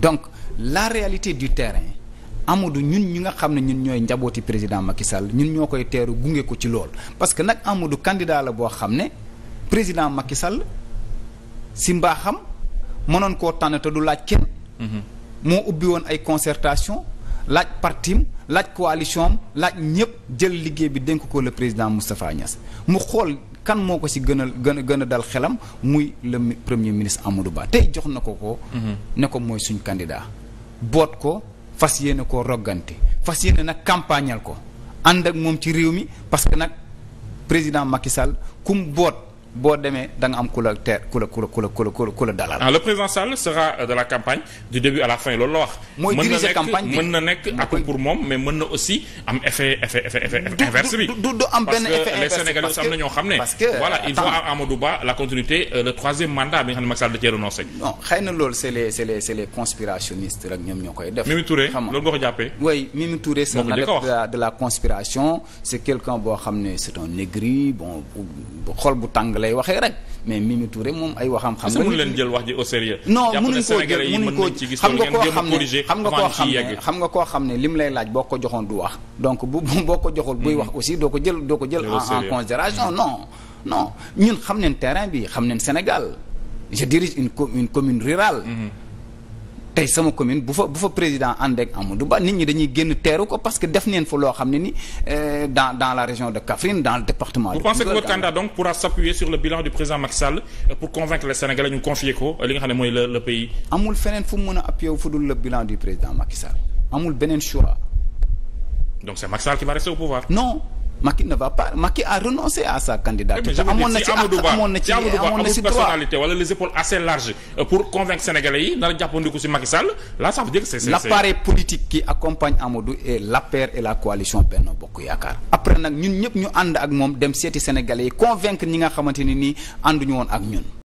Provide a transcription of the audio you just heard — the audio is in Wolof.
donc la réalité du terrain Amadou ñun ñi nga xam ne ñun ñooy njabooti président Macky Sall ñun ñoo koy teeru gunge ko ci lool parce que nag Amadou candidat la boo xam ne président Macky Sall si mbaaxam mënoon koo tànn te du laaj kenn. Mhm. moo ubbi woon ay concertation laaj partim laaj coalition am laaj ñëpp jël liggéey bi denk ko le président Moustapha Niass mu xool. kan moo ko si gën a gën a gën a dal xelam muy le premier ministre Amadou Ba tey jox na ko ko. Mhm. ne ko mooy suñ candidat. boot ko fas yéene ko roggante fas yéene nag campagnal ko ànd ak moom ci réew mi parce que nag président Macky Sall kum boot. boo demee da nga am ku la teer ku la ku la ku la ku la ku la dalal. ah le président Sall sera euh, de la campagne du début à la fin loolu la wax. mooy diriger campagne bi mën na nekk mën na nekk pour moom mais mën na aussi am effet effet effet effet inverse bi. du du du am benn effet inverse parce que les Sénégalais am na ñoo xam ne. parce que voilà il faut à Amadou Ba la continuité euh, le troisième mandat bi nga xam ne Macky Sall da cee renoncé. non xëy na loolu c'est les c'est les c'est les conspirationnistes rek ñoom ñoo koy def. Mimi Touré loolu nga ko jàppee. oui Mimi Touré c'est un adepte de la conspiration c'est quelqu'un boo xam ne c'est un aigri bon xol bu tàng day waxee rek mais Mimi Touré moom ay waxam xam nga. leen jël wax ji au sérieux non mënuñ koo jël mënuñ koo xam nga koo xam ne xam nga koo xam ne xam nga koo xam ne lim lay laaj boo ko joxoon du wax donc boo ko joxul buy hmm. wax aussi doo ko jël doo ko jël en considération non ñun xam ne terrain bi xam nañ Sénégal je dirige une commune rural hmm. tey sama commune bu fa bu fa président ànd ak Amadou Ba nit ñi dañuy génn teeru ko parce que def neen fa loo xam ne ni euh, dans dans la région de Kaffrine dans le département. vous pensez que votre candidat donc pourra s'appuyer sur le bilan du président Macky Sall euh, pour convaincre les Sénégalais ñu confier ko euh, li nga xam ne mooy le pays. amul feneen fu mu a appuyer fu dul le bilan du président Macky amul beneen choix. donc c'est Macky qui va rester au pouvoir. Macky ne va pas Macky a renoncé à sa candidature. te eh, amoon na ci amoon na ci amoon na ci personnalité wala les épaules assez larges euh, pour convaincre sénégalais yi nar a jàppandiku ci Macky Sall là ça veut dire que c'est l'appareil politique qui accompagne Amadou et l'APR et la coalition Benno Bokk Yaakaar. après nag ñun ñëpp ñu ànd ak moom dem seeti sénégalais yi convaincre ñi nga xamante ne nii ànduñu woon ak ñun.